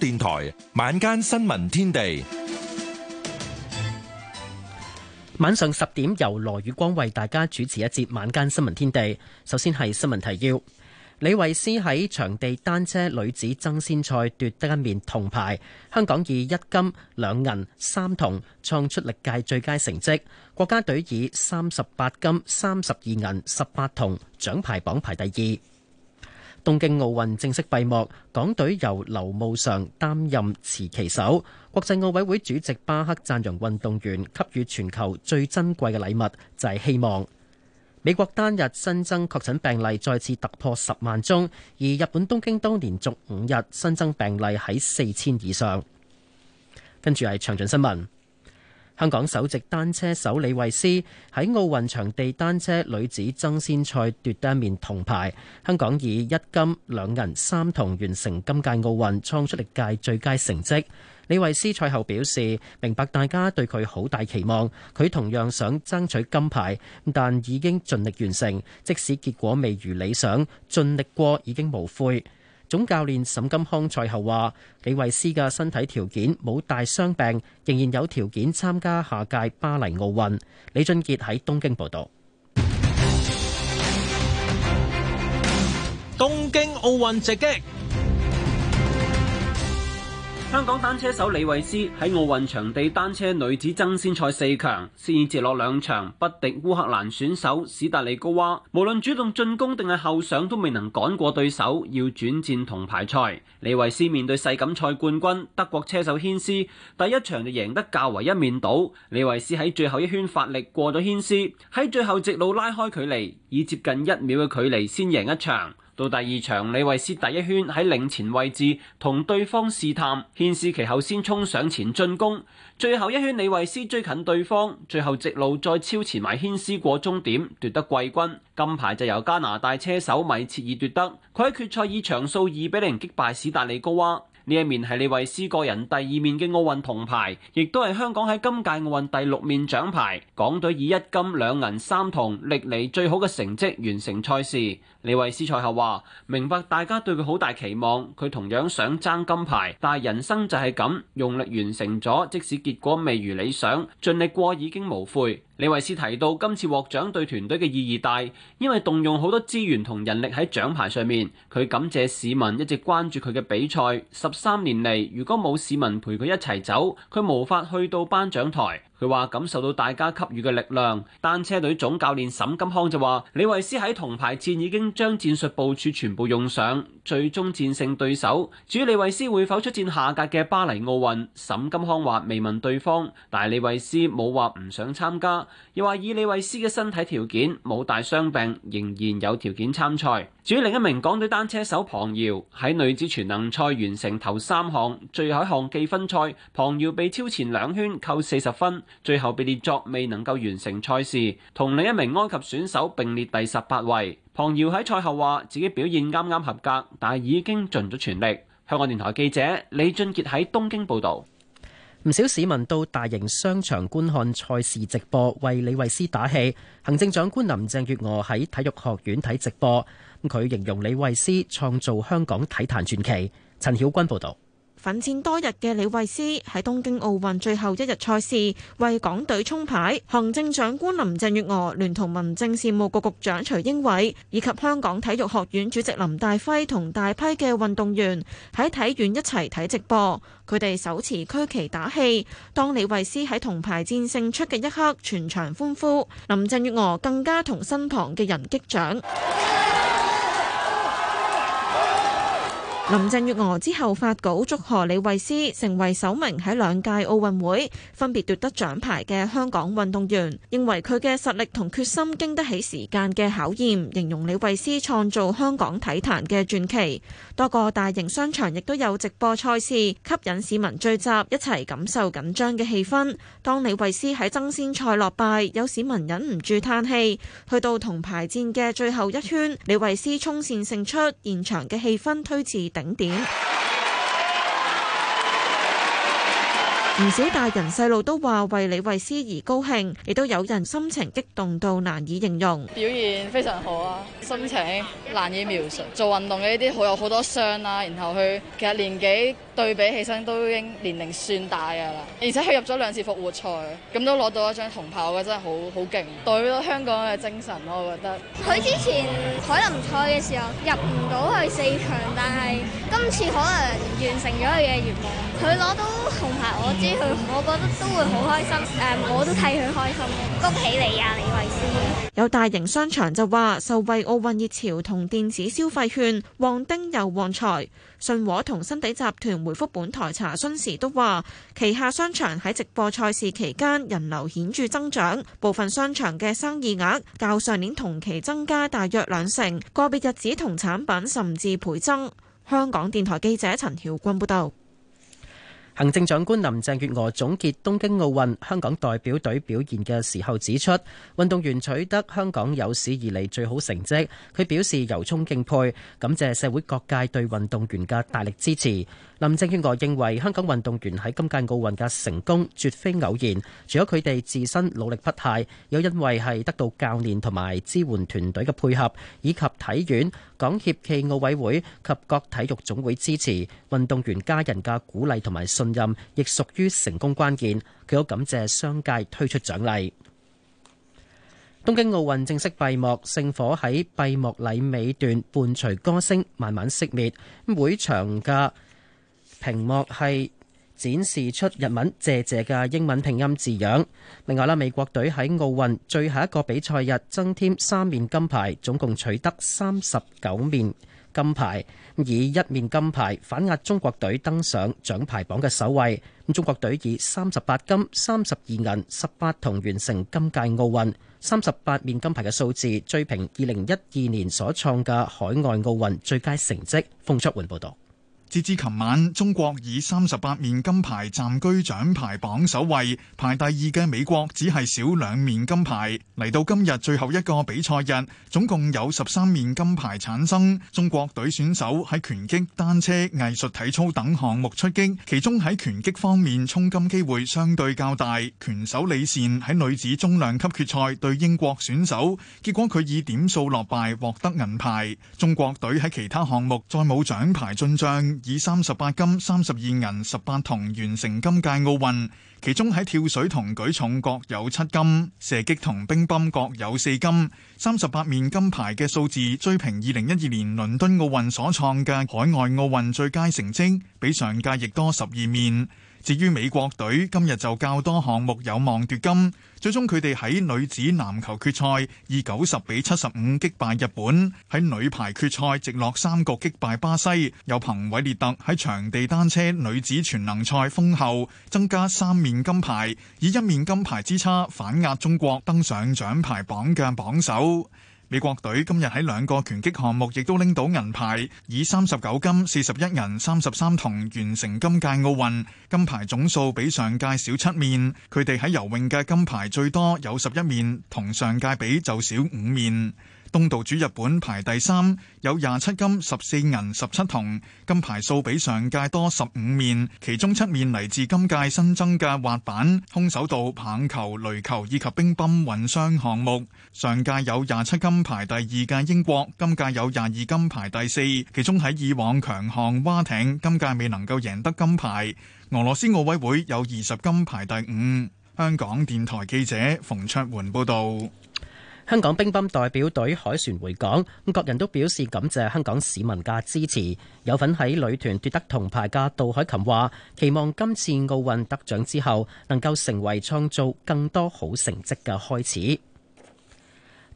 電台晚間新聞天地，晚上十點由羅宇光為大家主持一節晚間新聞天地。首先係新聞提要：李慧詩喺場地單車女子爭先賽奪得一面銅牌，香港以一金兩銀三銅創出歷屆最佳成績。國家隊以三十八金三十二銀十八銅獎牌榜排第二。東京奧運正式閉幕，港隊由劉慕裳擔任持旗手。國際奧委會主席巴克贊揚運動員給予全球最珍貴嘅禮物就係希望。美國單日新增確診病例再次突破十萬宗，而日本東京都連續五日新增病例喺四千以上。跟住係詳盡新聞。香港首席單車手李慧詩喺奧運場地單車女子爭先賽奪得一面銅牌，香港以一金、兩銀、三銅完成今屆奧運，創出歷屆最佳成績。李慧詩賽後表示，明白大家對佢好大期望，佢同樣想爭取金牌，但已經盡力完成，即使結果未如理想，盡力過已經無悔。總教練沈金康賽後話：李慧詩嘅身體條件冇大傷病，仍然有條件參加下屆巴黎奧運。李俊杰喺東京報道。東京奧運直擊。香港單車手李維斯喺奧運場地單車女子爭先賽四強，先折落兩場，不敵烏克蘭選手史達利高娃。無論主動進攻定係後上，都未能趕過對手，要轉戰銅牌賽。李維斯面對世錦賽冠軍德國車手軒斯，第一場就贏得較為一面倒。李維斯喺最後一圈發力過咗軒斯，喺最後直路拉開距離，以接近一秒嘅距離先贏一場。到第二場，李維斯第一圈喺領前位置同對方試探，軒斯其後先衝上前進攻。最後一圈，李維斯追近對方，最後直路再超前埋軒斯過終點，奪得季軍。金牌就由加拿大車手米切爾奪得，佢喺決賽以場數二比零擊敗史達利高娃。呢一面係李慧詩個人第二面嘅奧運銅牌，亦都係香港喺今屆奧運第六面獎牌。港隊以一金兩銀三銅，歷嚟最好嘅成績完成賽事。李慧詩賽後話：明白大家對佢好大期望，佢同樣想爭金牌，但係人生就係咁，用力完成咗，即使結果未如理想，盡力過已經無悔。李維斯提到，今次獲獎對團隊嘅意義大，因為動用好多資源同人力喺獎牌上面。佢感謝市民一直關注佢嘅比賽，十三年嚟，如果冇市民陪佢一齊走，佢無法去到頒獎台。佢話感受到大家給予嘅力量。單車隊總教練沈金康就話：李慧詩喺銅牌戰已經將戰術部署全部用上，最終戰勝對手。至於李慧詩會否出戰下屆嘅巴黎奧運，沈金康話未問對方，但李慧詩冇話唔想參加，又話以李慧詩嘅身體條件冇大傷病，仍然有條件參賽。至於另一名港隊單車手龐瑤喺女子全能賽完成頭三項，最後一項計分賽，龐瑤被超前兩圈扣四十分，最後被列作未能夠完成賽事，同另一名埃及選手並列第十八位。龐瑤喺賽後話自己表現啱啱合格，但係已經盡咗全力。香港電台記者李俊杰喺東京報道。唔少市民到大型商場觀看賽事直播，為李慧詩打氣。行政長官林鄭月娥喺體育學院睇直播。佢形容李慧詩創造香港體壇傳奇。陳曉君報道，奮戰多日嘅李慧詩喺東京奧運最後一日賽事為港隊衝牌。行政長官林鄭月娥聯同民政事務局局長徐英偉以及香港體育學院主席林大輝同大批嘅運動員喺體院一齊睇直播。佢哋手持區旗打氣。當李慧詩喺銅牌戰勝出嘅一刻，全場歡呼。林鄭月娥更加同身旁嘅人擊掌。 林鄭月娥之後發稿祝賀李慧詩成為首名喺兩屆奧運會分別奪得獎牌嘅香港運動員，認為佢嘅實力同決心經得起時間嘅考驗，形容李慧詩創造香港體壇嘅傳奇。多個大型商場亦都有直播賽事，吸引市民聚集一齊感受緊張嘅氣氛。當李慧詩喺爭先賽落敗，有市民忍唔住嘆氣。去到銅牌戰嘅最後一圈，李慧詩衝線勝出，現場嘅氣氛推至景點，唔少大人細路都話為李慧思而高興，亦都有人心情激動到難以形容。表現非常好啊，心情難以描述。做運動嘅呢啲好有好多傷啦，然後佢其實年紀。對比起身都已經年齡算大嘅啦，而且佢入咗兩次復活賽，咁都攞到一張銅牌，我覺得真係好好勁，代表香港嘅精神咯，我覺得。佢之前海林賽嘅時候入唔到去四強，但係今次可能完成咗佢嘅願望，佢攞到銅牌，我知佢，我覺得都會好開心。誒、呃，我都替佢開心，恭喜你啊，李慧詩！有大型商場就話受惠奧運熱潮同電子消費券旺丁又旺財。信和同新地集團回覆本台查詢時都話，旗下商場喺直播賽事期間人流顯著增長，部分商場嘅生意額較上年同期增加大約兩成，個別日子同產品甚至倍增。香港電台記者陳曉君報道。行政長官林鄭月娥總結東京奧運香港代表隊表現嘅時候指出，運動員取得香港有史以來最好成績，佢表示由衷敬佩，感謝社會各界對運動員嘅大力支持。林鄭月娥認為，香港運動員喺今屆奧運嘅成功絕非偶然，除咗佢哋自身努力不懈，又因為係得到教練同埋支援團隊嘅配合，以及體院、港協暨奧委會及各體育總會支持，運動員家人嘅鼓勵同埋信任，亦屬於成功關鍵。佢好感謝商界推出獎勵。東京奧運正式閉幕，聖火喺閉幕禮尾段伴隨歌聲慢慢熄滅，會場嘅屏幕係展示出日文，謝謝嘅英文拼音字樣。另外啦，美國隊喺奧運最後一個比賽日增添三面金牌，總共取得三十九面金牌，以一面金牌反壓中國隊登上獎牌榜嘅首位。咁中國隊以三十八金、三十二銀、十八銅完成今屆奧運三十八面金牌嘅數字，追平二零一二年所創嘅海外奧運最佳成績。馮卓媛報道。截至琴晚，中國以三十八面金牌暫居獎牌榜首位，排第二嘅美國只係少兩面金牌。嚟到今日最後一個比賽日，總共有十三面金牌產生。中國隊選手喺拳擊、單車、藝術體操等項目出擊，其中喺拳擊方面衝金機會相對較大。拳手李倩喺女子中量級決賽對英國選手，結果佢以點數落敗，獲得銀牌。中國隊喺其他項目再冇獎牌進賬。以三十八金、三十二銀、十八銅完成今屆奧運，其中喺跳水同舉重各有七金，射擊同乒乓各有四金，三十八面金牌嘅數字追平二零一二年倫敦奧運所創嘅海外奧運最佳成績，比上屆亦多十二面。至於美國隊今日就較多項目有望奪金，最終佢哋喺女子籃球決賽以九十比七十五擊敗日本，喺女排決賽直落三局擊敗巴西，有彭偉列特喺場地單車女子全能賽封后，增加三面金牌，以一面金牌之差反壓中國登上獎牌榜嘅榜首。美國隊今日喺兩個拳擊項目亦都拎到銀牌，以三十九金、四十一銀、三十三銅完成今屆奧運。金牌總數比上屆少七面。佢哋喺游泳嘅金牌最多有十一面，同上屆比就少五面。東道主日本排第三，有廿七金、十四銀、十七銅，金牌數比上屆多十五面，其中七面嚟自今屆新增嘅滑板、空手道、棒球、壘球以及乒乓混雙項目。上屆有廿七金排第二嘅英國，今屆有廿二金排第四，其中喺以往強項蛙艇，今屆未能夠贏得金牌。俄羅斯奧委會有二十金排第五。香港電台記者馮卓媛報道。香港乒乓代表隊凱旋回港，各人都表示感謝香港市民嘅支持。有份喺女團奪得銅牌嘅杜海琴話，期望今次奧運得獎之後，能夠成為創造更多好成績嘅開始。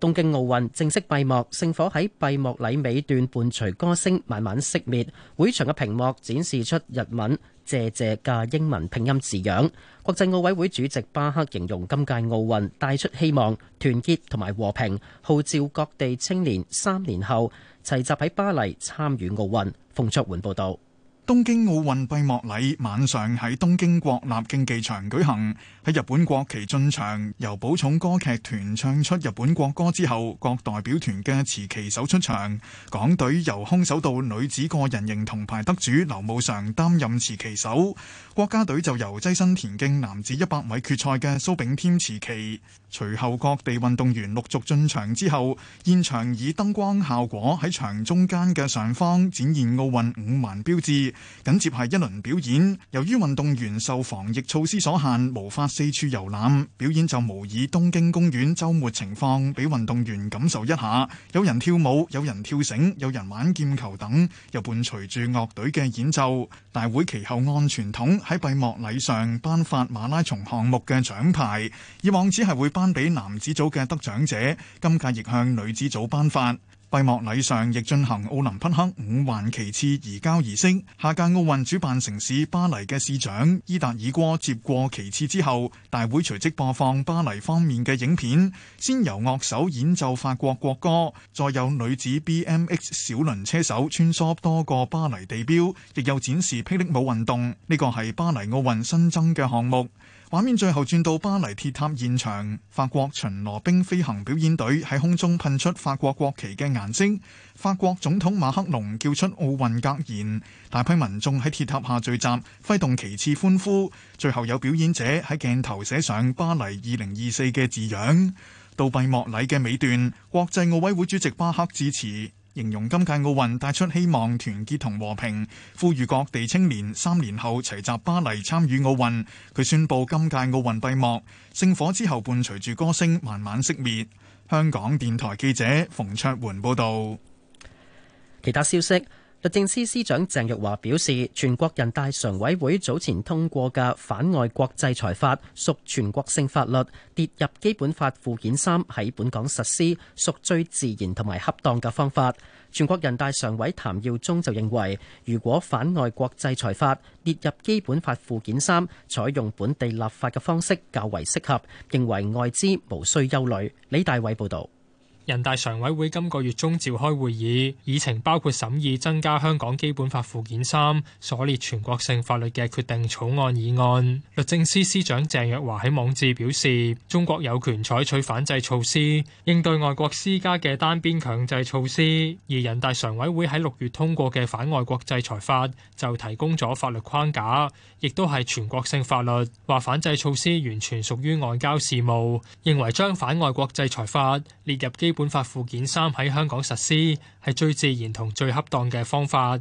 東京奧運正式閉幕，聖火喺閉幕禮尾段伴隨歌聲慢慢熄滅，會場嘅屏幕展示出日文。謝謝嘅英文拼音字樣，國際奧委會主席巴克形容今屆奧運帶出希望、團結同埋和平，號召各地青年三年後齊集喺巴黎參與奧運。馮卓媛報導。東京奧運閉幕禮晚上喺東京國立競技場舉行，喺日本國旗進場，由寶冢歌劇團唱出日本國歌之後，各代表團嘅持旗手出場。港隊由空手道女子個人形銅牌得主劉慕常擔任持旗手，國家隊就由躋身田徑男子一百米決賽嘅蘇炳添持旗。隨後各地運動員陸續進場之後，現場以燈光效果喺場中間嘅上方展現奧運五環標誌。緊接係一輪表演，由於運動員受防疫措施所限，無法四處遊覽，表演就模擬東京公園周末情況，俾運動員感受一下。有人跳舞，有人跳繩，有人玩劍球等，又伴隨住樂隊嘅演奏。大會其後按傳統喺閉幕禮上頒發馬拉松項目嘅獎牌，以往只係會頒俾男子組嘅得獎者，今屆亦向女子組頒發。閉幕禮上亦進行奧林匹克五環旗幟移交儀式，下屆奧運主辦城市巴黎嘅市長伊達爾戈接過旗幟之後，大會隨即播放巴黎方面嘅影片，先由樂手演奏法國國歌，再有女子 BMX 小輪車手穿梭多個巴黎地標，亦有展示霹靂舞運動，呢個係巴黎奧運新增嘅項目。畫面最後轉到巴黎鐵塔現場，法國巡邏兵飛行表演隊喺空中噴出法國國旗嘅顏色，法國總統馬克龍叫出奧運格言，大批民眾喺鐵塔下聚集，揮動旗幟歡呼。最後有表演者喺鏡頭寫上「巴黎二零二四」嘅字樣。到閉幕禮嘅尾段，國際奧委會主席巴克致辭。形容今屆奧運帶出希望、團結同和平，呼籲各地青年三年後齊集巴黎參與奧運。佢宣布今屆奧運閉幕，聖火之後伴隨住歌聲慢慢熄滅。香港電台記者馮卓媛報道。其他消息。律政司司長鄭若驊表示，全國人大常委會早前通過嘅反外國制裁法屬全國性法律，列入基本法附件三喺本港實施，屬最自然同埋恰當嘅方法。全國人大常委譚耀宗就認為，如果反外國制裁法列入基本法附件三，採用本地立法嘅方式較為適合，認為外資無需憂慮。李大偉報道。人大常委會今個月中召開會議，議程包括審議增加香港基本法附件三所列全國性法律嘅決定草案議案。律政司司長鄭若驊喺網誌表示，中國有權採取反制措施應對外國施加嘅單邊強制措施，而人大常委會喺六月通過嘅反外國制裁法就提供咗法律框架，亦都係全國性法律。話反制措施完全屬於外交事務，認為將反外國制裁法列入基本本法附件三喺香港實施，係最自然同最恰當嘅方法。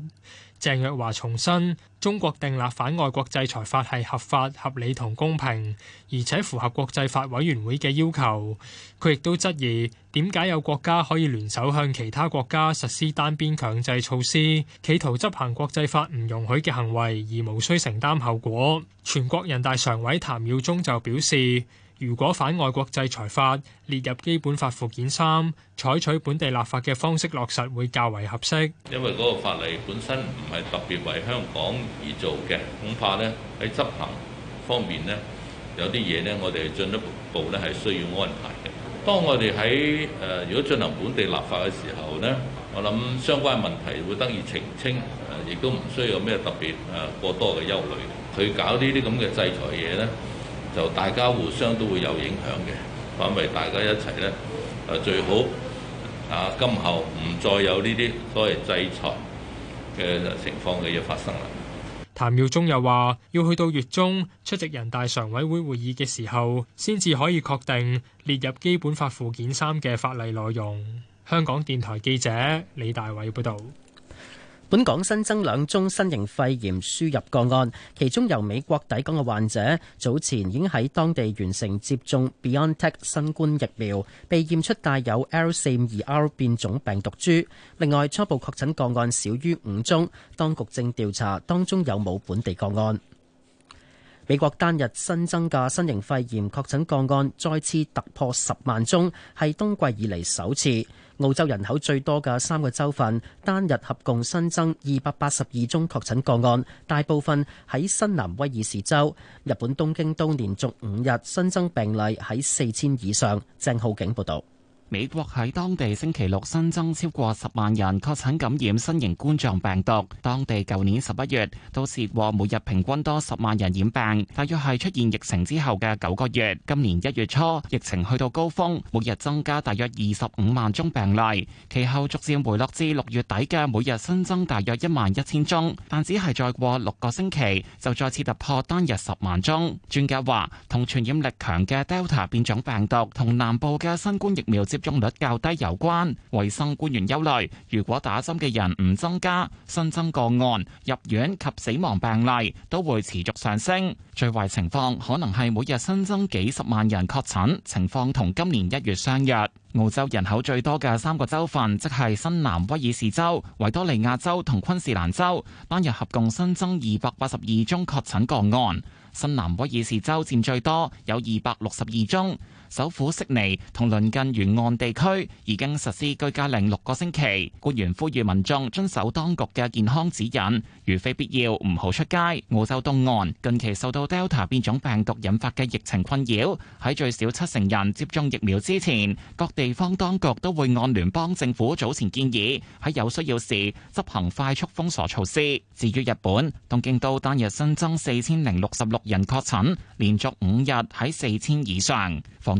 鄭若驊重申，中國訂立反外國制裁法係合法、合理同公平，而且符合國際法委員會嘅要求。佢亦都質疑，點解有國家可以聯手向其他國家實施單邊強制措施，企圖執行國際法唔容許嘅行為，而無需承擔後果？全國人大常委譚耀宗就表示。如果反外國制裁法列入基本法附件三，採取本地立法嘅方式落實會較為合適。因為嗰個法例本身唔係特別為香港而做嘅，恐怕呢喺執行方面呢，有啲嘢呢，我哋進一步呢係需要安排嘅。當我哋喺誒如果進行本地立法嘅時候呢，我諗相關問題會得以澄清，誒、呃、亦都唔需要有咩特別誒、呃、過多嘅憂慮。佢搞呢啲咁嘅制裁嘢呢。就大家互相都會有影響嘅，反為大家一齊咧誒，最好啊，今後唔再有呢啲所謂制裁嘅情況嘅嘢發生啦。譚耀宗又話要去到月中出席人大常委會會議嘅時候，先至可以確定列入基本法附件三嘅法例內容。香港電台記者李大偉報道。本港新增兩宗新型肺炎輸入個案，其中由美國抵港嘅患者早前已經喺當地完成接種 Biontech 新冠疫苗，被驗出帶有 L 四五二 R 變種病毒株。另外，初步確診個案少於五宗，當局正調查當中有冇本地個案。美國單日新增嘅新型肺炎確診個案再次突破十萬宗，係冬季以嚟首次。澳洲人口最多嘅三個州份，單日合共新增二百八十二宗確診個案，大部分喺新南威爾士州。日本東京都連續五日新增病例喺四千以上。鄭浩景報道。美國喺當地星期六新增超過十萬人確診感染新型冠狀病毒。當地舊年十一月都試過每日平均多十萬人染病，大約係出現疫情之後嘅九個月。今年一月初疫情去到高峰，每日增加大約二十五萬宗病例，其後逐漸回落至六月底嘅每日新增大約一萬一千宗，但只係再過六個星期就再次突破單日十萬宗。專家話，同傳染力強嘅 Delta 變種病毒同南部嘅新冠疫苗。接種率較低有關，衛生官員憂慮，如果打針嘅人唔增加，新增個案、入院及死亡病例都會持續上升。最壞情況可能係每日新增幾十萬人確診，情況同今年一月相若。澳洲人口最多嘅三個州份，即係新南威爾士州、維多利亞州同昆士蘭州，單日合共新增二百八十二宗確診個案，新南威爾士州佔最多，有二百六十二宗。首府悉尼同鄰近沿岸地區已經實施居家令六個星期。官員呼籲民眾遵守當局嘅健康指引，如非必要唔好出街。澳洲東岸近期受到 Delta 變種病毒引發嘅疫情困擾，喺最少七成人接種疫苗之前，各地方當局都會按聯邦政府早前建議，喺有需要時執行快速封鎖措施。至於日本，東京都單日新增四千零六十六人確診，連續五日喺四千以上。防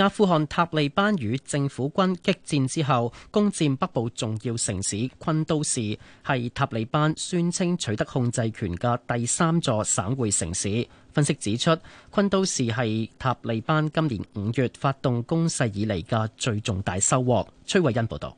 阿富汗塔利班與政府軍激戰之後，攻占北部重要城市昆都士，係塔利班宣稱取得控制權嘅第三座省會城市。分析指出，昆都士係塔利班今年五月發動攻勢以嚟嘅最重大收穫。崔慧欣報道。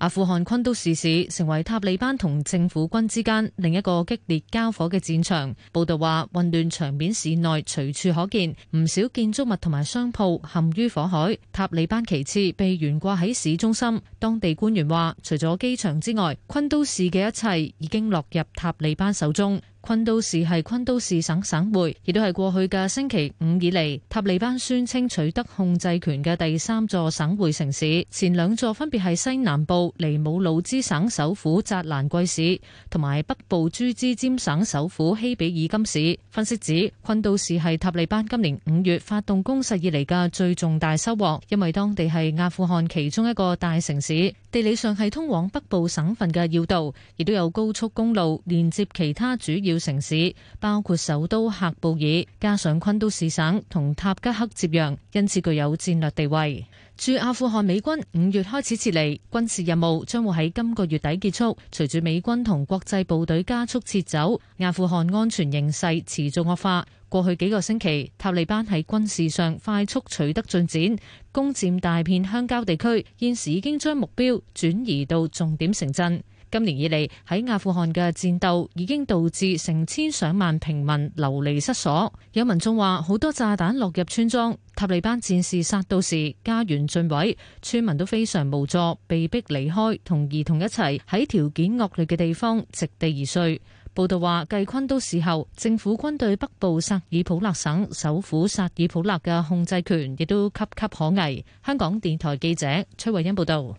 阿富汗昆都士市成為塔利班同政府軍之間另一個激烈交火嘅戰場。報道話，混亂場面市內隨處可見，唔少建築物同埋商鋪陷於火海。塔利班旗幟被懸掛喺市中心。當地官員話，除咗機場之外，昆都士嘅一切已經落入塔利班手中。昆都士係昆都士省省會，亦都係過去嘅星期五以嚟塔利班宣稱取得控制權嘅第三座省會城市。前兩座分別係西南部尼姆魯茲省首府扎蘭季市，同埋北部朱茲詹省首府希比爾金市。分析指，昆都士係塔利班今年五月發動攻勢以嚟嘅最重大收穫，因為當地係阿富汗其中一個大城市，地理上係通往北部省份嘅要道，亦都有高速公路連接其他主要城市包括首都喀布爾，加上昆都市省同塔吉克接壤，因此具有戰略地位。駐阿富汗美軍五月開始撤離，軍事任務將會喺今個月底結束。隨住美軍同國際部隊加速撤走，阿富汗安全形勢持續惡化。過去幾個星期，塔利班喺軍事上快速取得進展，攻佔大片鄉郊地區，現時已經將目標轉移到重點城鎮。今年以嚟喺阿富汗嘅戰鬥已經導致成千上萬平民流離失所。有民眾話，好多炸彈落入村莊，塔利班戰士殺到時，家園盡毀，村民都非常無助，被逼離開，同兒童一齊喺條件惡劣嘅地方席地而睡。報道話，繼昆都士後，政府軍對北部薩爾普勒省首府薩爾普勒嘅控制權亦都岌岌可危。香港電台記者崔慧欣報道。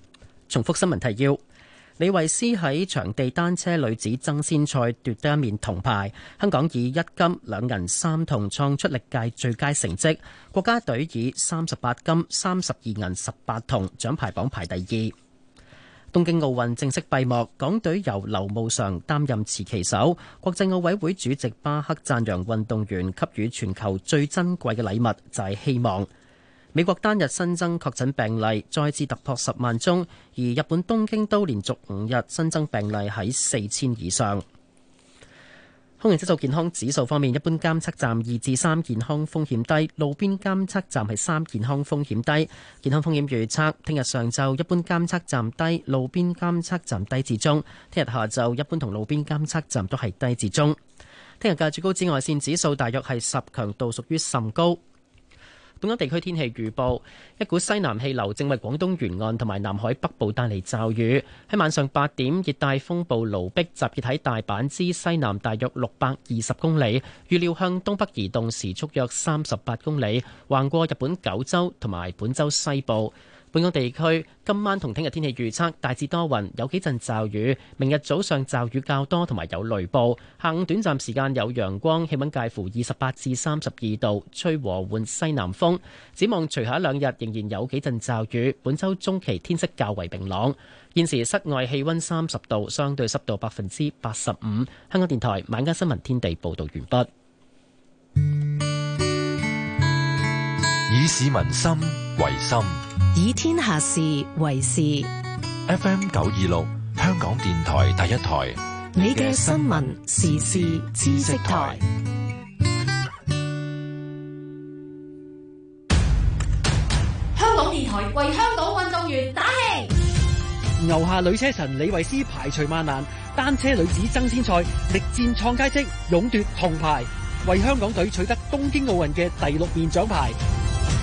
重複新聞提要。李慧詩喺場地單車女子爭先賽奪得一面銅牌，香港以一金兩銀三銅，創出歷屆最佳成績。國家隊以三十八金三十二銀十八銅，獎牌榜排第二。東京奧運正式閉幕，港隊由劉慕裳擔任持旗手。國際奧委會主席巴克讚揚運動員給予全球最珍貴嘅禮物就係、是、希望。美國單日新增確診病例再次突破十萬宗，而日本東京都連續五日新增病例喺四千以上。空氣質素健康指數方面，一般監測站二至三健康風險低，路邊監測站係三健康風險低。健康風險預測：聽日上晝一般監測站低，路邊監測站低至中；聽日下晝一般同路邊監測站都係低至中。聽日嘅最高紫外線指數大約係十，強度屬於甚高。本港地區天氣預報：一股西南氣流正為廣東沿岸同埋南海北部帶嚟驟雨。喺晚上八點，熱帶風暴盧碧集結喺大阪之西南，大約六百二十公里，預料向東北移動，時速約三十八公里，橫過日本九州同埋本州西部。本港地區今晚同聽日天氣預測，大致多雲，有幾陣驟雨。明日早上驟雨較多，同埋有雷暴。下午短暫時間有陽光，氣溫介乎二十八至三十二度，吹和緩西南風。展望隨後兩日仍然有幾陣驟雨。本周中期天色較為明朗。現時室外氣溫三十度，相對濕度百分之八十五。香港電台晚間新聞天地報道完畢。以市民心為心。以天下事為事。FM 九二六，香港電台第一台，你嘅新聞時事知識台。香港電台為香港運動員打氣。牛下女車神李慧詩排除萬難，單車女子爭先賽力戰創佳績，勇奪銅牌，為香港隊取得東京奧運嘅第六面獎牌。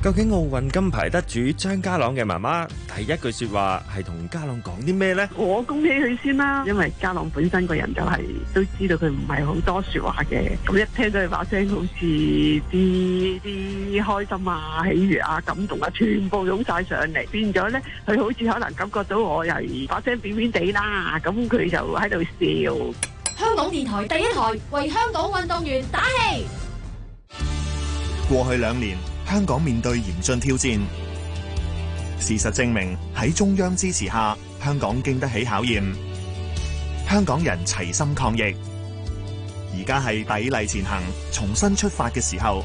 究竟奧運金牌得主張家朗嘅媽媽第一句說話係同家朗講啲咩呢？我恭喜佢先啦，因為家朗本身個人就係都知道佢唔係好多說話嘅，咁一聽到佢把聲好似啲啲開心啊、喜悅啊、感動啊，全部湧晒上嚟，變咗呢，佢好似可能感覺到我又把聲扁扁地啦，咁佢就喺度笑。香港電台第一台為香港運動員打氣。過去兩年。香港面對嚴峻挑戰，事實證明喺中央支持下，香港經得起考驗。香港人齊心抗疫，而家係砥礪前行、重新出發嘅時候。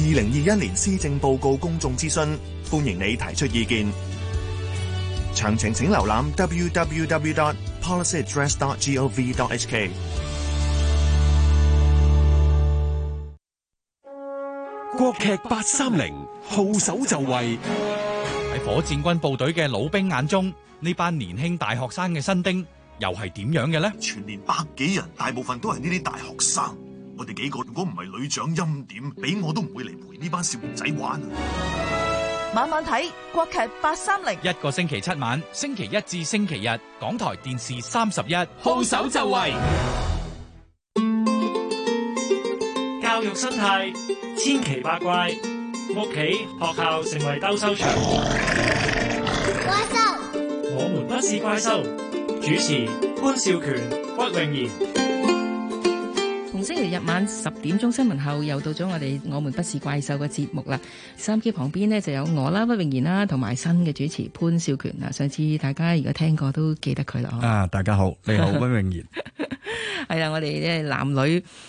二零二一年施政報告公眾諮詢，歡迎你提出意見。詳情請瀏覽 www.policyaddress.gov.hk。國劇八三零號手就位，喺火箭軍部隊嘅老兵眼中，呢班年輕大學生嘅新丁又係點樣嘅呢？全年百幾人，大部分都係呢啲大學生。我哋幾個如果唔係旅長欽點，俾我都唔會嚟陪呢班少年仔玩。晚晚睇國劇八三零，一個星期七晚，星期一至星期日，港台電視三十一號手就位。教育生態千奇百怪，屋企學校成為鬥獸場。怪獸，我們不是怪獸。主持潘少權、屈穎妍。從星期日晚十點鐘新聞後，又到咗我哋《我們不是怪獸》嘅節目啦。三 K 旁邊呢就有我啦，屈穎妍啦，同埋新嘅主持潘少權啊。上次大家如果聽過都記得佢啦。啊，大家好，你好，屈穎妍。 係啦，我哋咧男女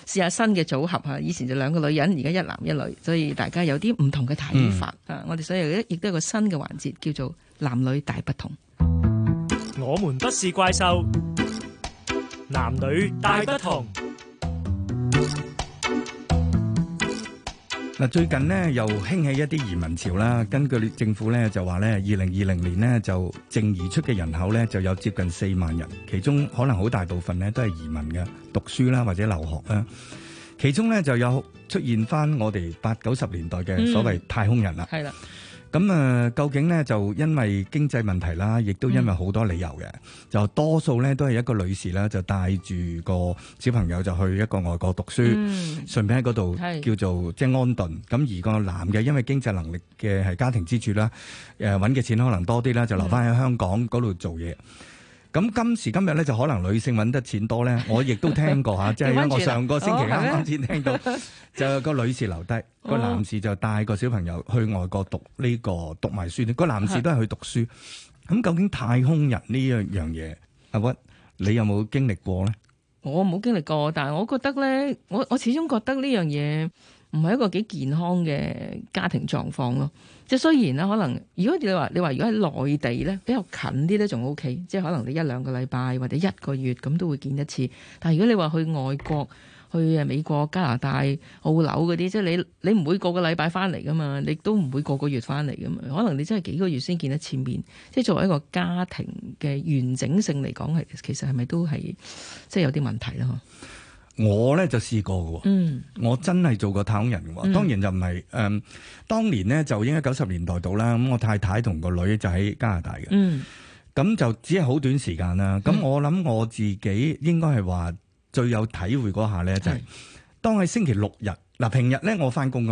試下新嘅組合吓，以前就兩個女人，而家一男一女，所以大家有啲唔同嘅睇法吓。嗯、我哋所以亦都有一個新嘅環節，叫做男女大不同。我們不是怪獸，男女大不同。嗱，最近咧又興起一啲移民潮啦。根據政府咧就話咧，二零二零年咧就淨移出嘅人口咧就有接近四萬人，其中可能好大部分咧都係移民嘅，讀書啦或者留學啦。其中咧就有出現翻我哋八九十年代嘅所謂太空人啦。係啦、嗯。咁啊，嗯、究竟咧就因為經濟問題啦，亦都因為好多理由嘅，嗯、就多數咧都係一個女士啦，就帶住個小朋友就去一個外國讀書，嗯、順便喺嗰度叫做即係安頓。咁是而個男嘅，因為經濟能力嘅係家庭支柱啦，誒搵嘅錢可能多啲啦，就留返喺香港嗰度做嘢。嗯嗯。咁今時今日咧就可能女性揾得錢多咧，我亦都聽過嚇，即係因我上個星期啱啱先聽到，就有個女士留低，個男士就帶個小朋友去外國讀呢個讀埋書，個男士都係去讀書。咁究竟太空人呢一樣嘢，阿屈，你有冇經歷過咧？我冇經歷過，但係我覺得咧，我我始終覺得呢樣嘢。唔係一個幾健康嘅家庭狀況咯。即係雖然咧，可能如果你話你話如果喺內地咧比較近啲咧，仲 OK。即係可能你一兩個禮拜或者一個月咁都會見一次。但係如果你話去外國，去誒美國、加拿大、澳紐嗰啲，即係你你唔會個個禮拜返嚟㗎嘛，你都唔會個個月返嚟㗎嘛。可能你真係幾個月先見一次面。即係作為一個家庭嘅完整性嚟講，係其實係咪都係即係有啲問題咯？我咧就試過過嘅，嗯、我真係做過太空人嘅。當然就唔係誒當年咧就應該九十年代度啦。咁我太太同個女就喺加拿大嘅，咁、嗯、就只係好短時間啦。咁我諗我自己應該係話最有體會嗰下咧、就是，就係、嗯、當係星期六日嗱，平日咧我翻工。